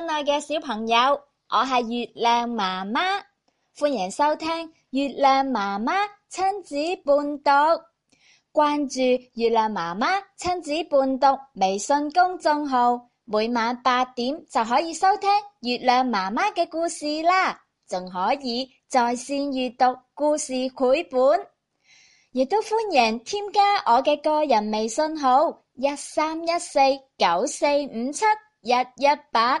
親愛嘅小朋友，我係月亮媽媽，歡迎收聽月亮媽媽親子伴讀。關注月亮媽媽親子伴讀微信公眾號，每晚八點就可以收聽月亮媽媽嘅故事啦，仲可以在線閱讀故事繪本，亦都歡迎添加我嘅個人微信號：一三一四九四五七一一八。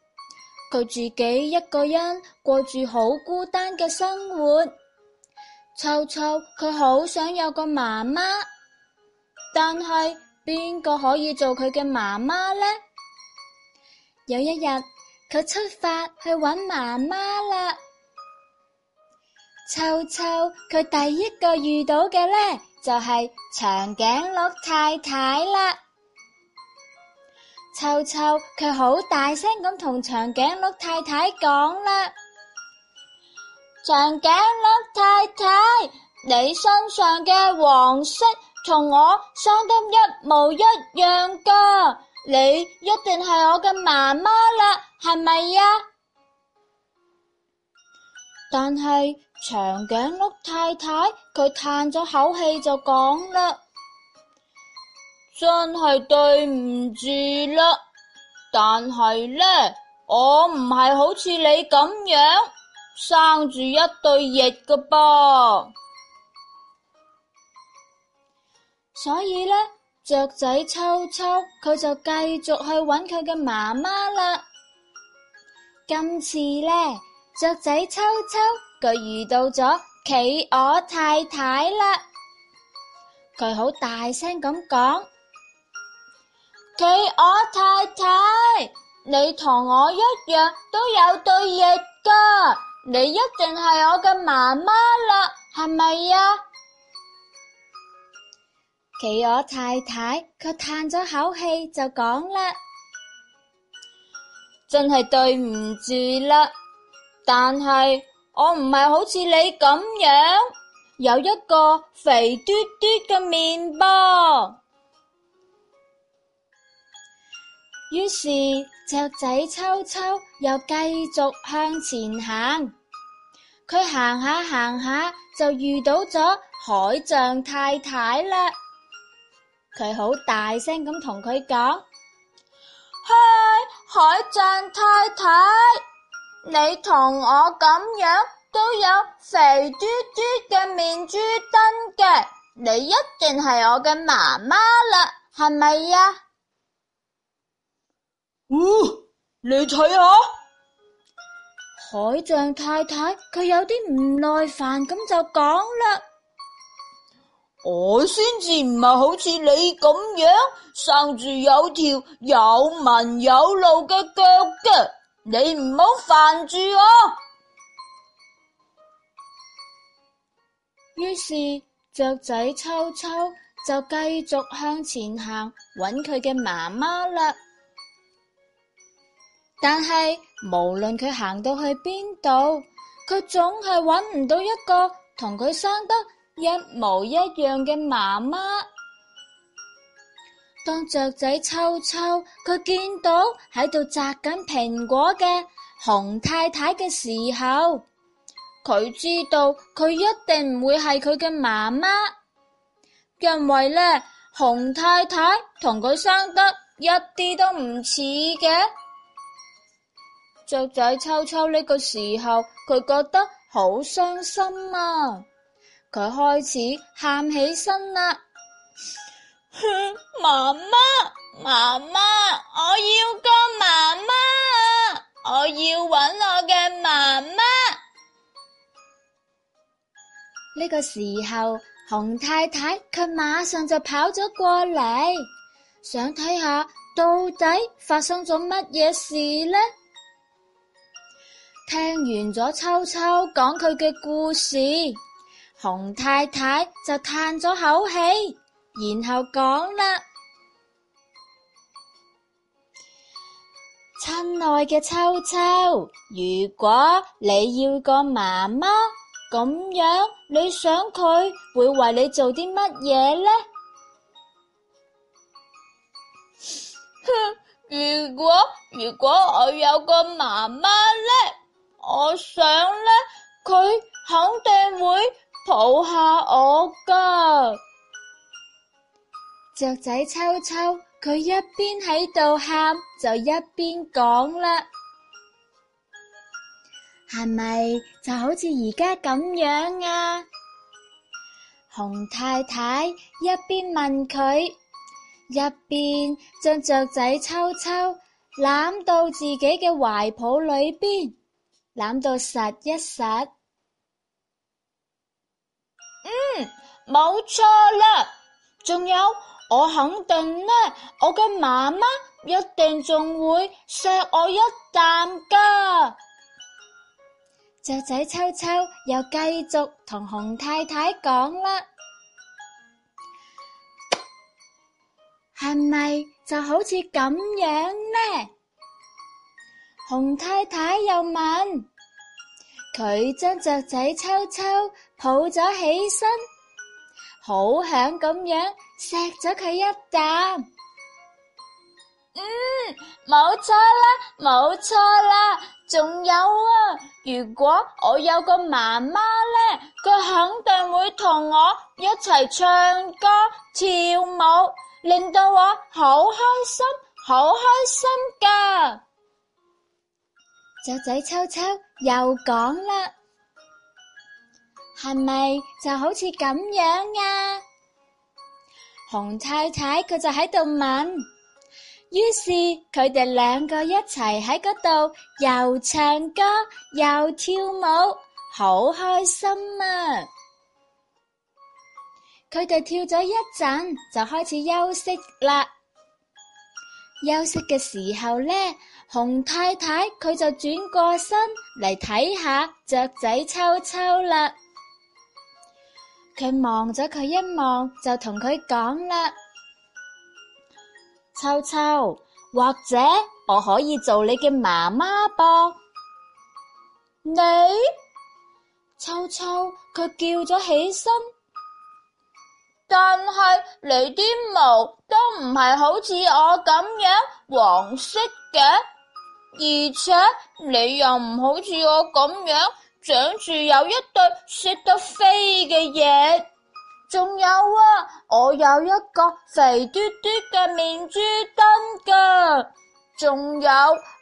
佢自己一個人過住好孤單嘅生活，秋秋佢好想有個媽媽，但係邊個可以做佢嘅媽媽呢？有一日，佢出發去搵媽媽啦。秋秋佢第一個遇到嘅呢，就係長頸鹿太太啦。秋秋佢好大聲咁同長頸鹿太太講啦，長頸鹿太太，你身上嘅黃色同我生得一模一樣噶，你一定係我嘅媽媽啦，係咪呀？但係長頸鹿太太佢嘆咗口氣就講啦。真係對唔住啦，但係呢，我唔係好似你咁樣生住一對翼㗎噃，所以呢，雀仔秋秋佢就繼續去搵佢嘅媽媽啦。今次呢，雀仔秋秋佢遇到咗企鵝太太啦，佢好大聲咁講。企鵝太太，你同我一樣都有對翼噶，你一定係我嘅媽媽啦，係咪啊？企鵝太太，卻歎咗口氣就講啦，真係對唔住啦，但係我唔係好似你咁樣，有一個肥嘟嘟嘅麵包。於是雀仔秋秋又繼續向前行，佢行下行下就遇到咗海象太太啦。佢好大聲咁同佢講：嗨，海象太太，你同我咁樣都有肥嘟嘟嘅面珠墩嘅，你一定係我嘅媽媽啦，係咪呀？唔，你睇下，海象太太佢有啲唔耐煩咁就講啦。我先至唔係好似你咁樣生住有條有紋有路嘅腳腳，你唔好煩住我啊。於是雀仔秋秋就繼續向前行，揾佢嘅媽媽啦。但係，無論佢行到去邊度，佢總係揾唔到一個同佢生得一模一樣嘅媽媽。當雀仔秋秋，佢見到喺度摘緊蘋果嘅熊太太嘅時候，佢知道佢一定唔會係佢嘅媽媽，因為呢，熊太太同佢生得一啲都唔似嘅。雀仔秋秋呢個時候，佢覺得好傷心啊！佢開始喊起身啦：哼，媽媽，媽媽，我要個媽媽啊！我要搵我嘅媽媽。呢個時候，熊太太佢馬上就跑咗過嚟，想睇下到底發生咗乜嘢事呢。聽完咗秋秋講佢嘅故事，熊太太就嘆咗口氣，然後講啦：親愛嘅秋秋，如果你要個媽媽，咁樣你想佢會為你做啲乜嘢呢？哼，如果如果我有個媽媽咧？我想咧，佢肯定會抱下我㗎。雀仔秋秋，佢一邊喺度喊，就一邊講啦，係咪就好似而家咁樣啊？熊太太一邊問佢，一邊將雀仔秋秋攬、啊、到自己嘅懷抱裏邊。攬到實一實。嗯，冇錯啦。仲有，我肯定呢，我嘅媽媽一定仲會錫我一啖噶。雀仔秋秋又繼續同熊太太講啦，係咪 就好似咁樣呢？熊太太又問佢，將雀仔秋秋抱咗起身，好響咁樣錫咗佢一啖。嗯，冇錯啦，冇錯啦，仲有啊！如果我有個媽媽咧，佢肯定會同我一齊唱歌跳舞，令到我好開心，好開心噶。雀仔秋秋又講啦，係咪就好似咁樣啊？熊太太佢就喺度問，於是佢哋兩個一齊喺嗰度又唱歌又跳舞，好開心啊！佢哋跳咗一陣就開始休息啦。休息嘅時候呢，熊太太佢就轉過身嚟睇下雀仔秋秋啦。佢望咗佢一望，就同佢講啦：秋秋，或者我可以做你嘅媽媽噃。你？你秋秋佢叫咗起身。但係你啲毛都唔係好似我咁樣黃色嘅，而且你又唔好似我咁樣長住有一對識得飛嘅嘢。仲有啊，我有一個肥嘟嘟嘅面珠墩噶，仲有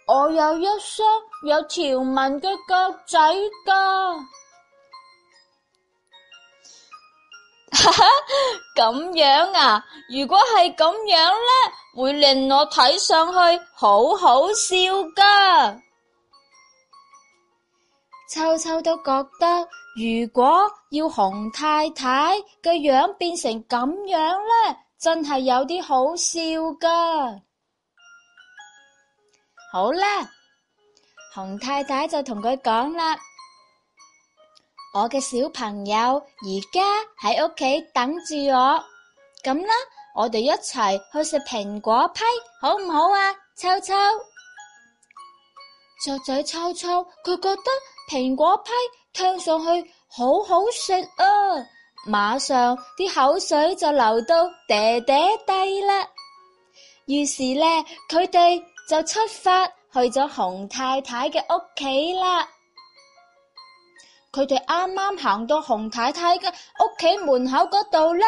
我有一雙有條紋嘅腳仔噶。哈哈，咁 樣啊！如果係咁樣呢，會令我睇上去好好笑噶。秋秋都覺得，如果要熊太太嘅樣變成咁樣呢，真係有啲好笑噶。好啦，熊太太就同佢講啦。我嘅小朋友而家喺屋企等住我，咁啦，我哋一齊去食蘋果批，好唔好啊？臭臭雀仔，臭臭佢覺得蘋果批聽上去好好食啊，馬上啲口水就流到嗲嗲低啦。於是呢，佢哋就出發去咗熊太太嘅屋企啦。佢哋啱啱行到熊太太嘅屋企門口嗰度呢，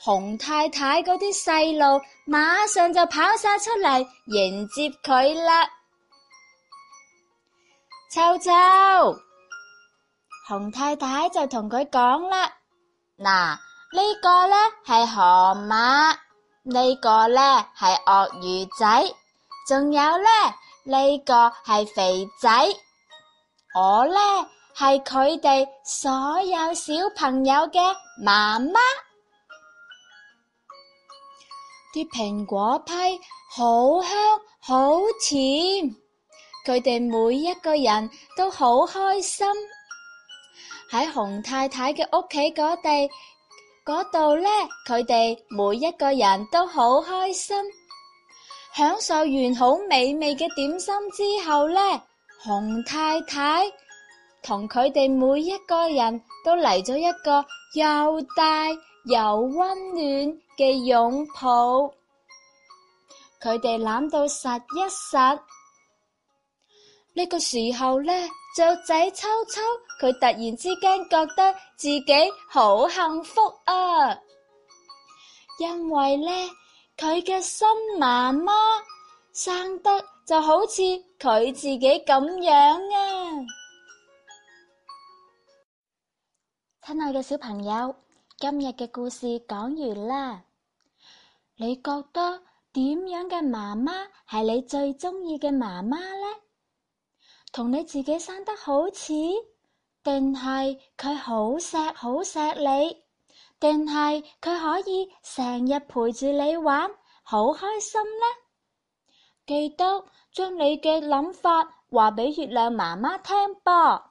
熊太太嗰啲細路馬上就跑晒出嚟迎接佢啦。臭臭，熊太太就同佢講啦：嗱，呢個呢係河馬，呢個呢係鱷魚仔，仲有呢，呢個係肥仔，我呢。係佢哋所有小朋友嘅媽媽，啲蘋果批好香好甜，佢哋每一個人都好開心。喺熊太太嘅屋企嗰地嗰度呢，佢哋每一個人都好開心，享受完好美味嘅點心之後呢，熊太太。同佢哋每一個人都嚟咗一個又大又溫暖嘅擁抱，佢哋攬到實一實，呢個時候呢，雀仔秋秋佢突然之間覺得自己好幸福啊，因為呢佢嘅新媽媽生得就好似佢自己咁樣啊。親愛嘅小朋友，今日嘅故事講完啦。你覺得點樣嘅媽媽係你最鍾意嘅媽媽呢？同你自己生得好似，定係佢好錫好錫你，定係佢可以成日陪住你玩，好開心呢？記得將你嘅諗法話俾月亮媽媽聽啵。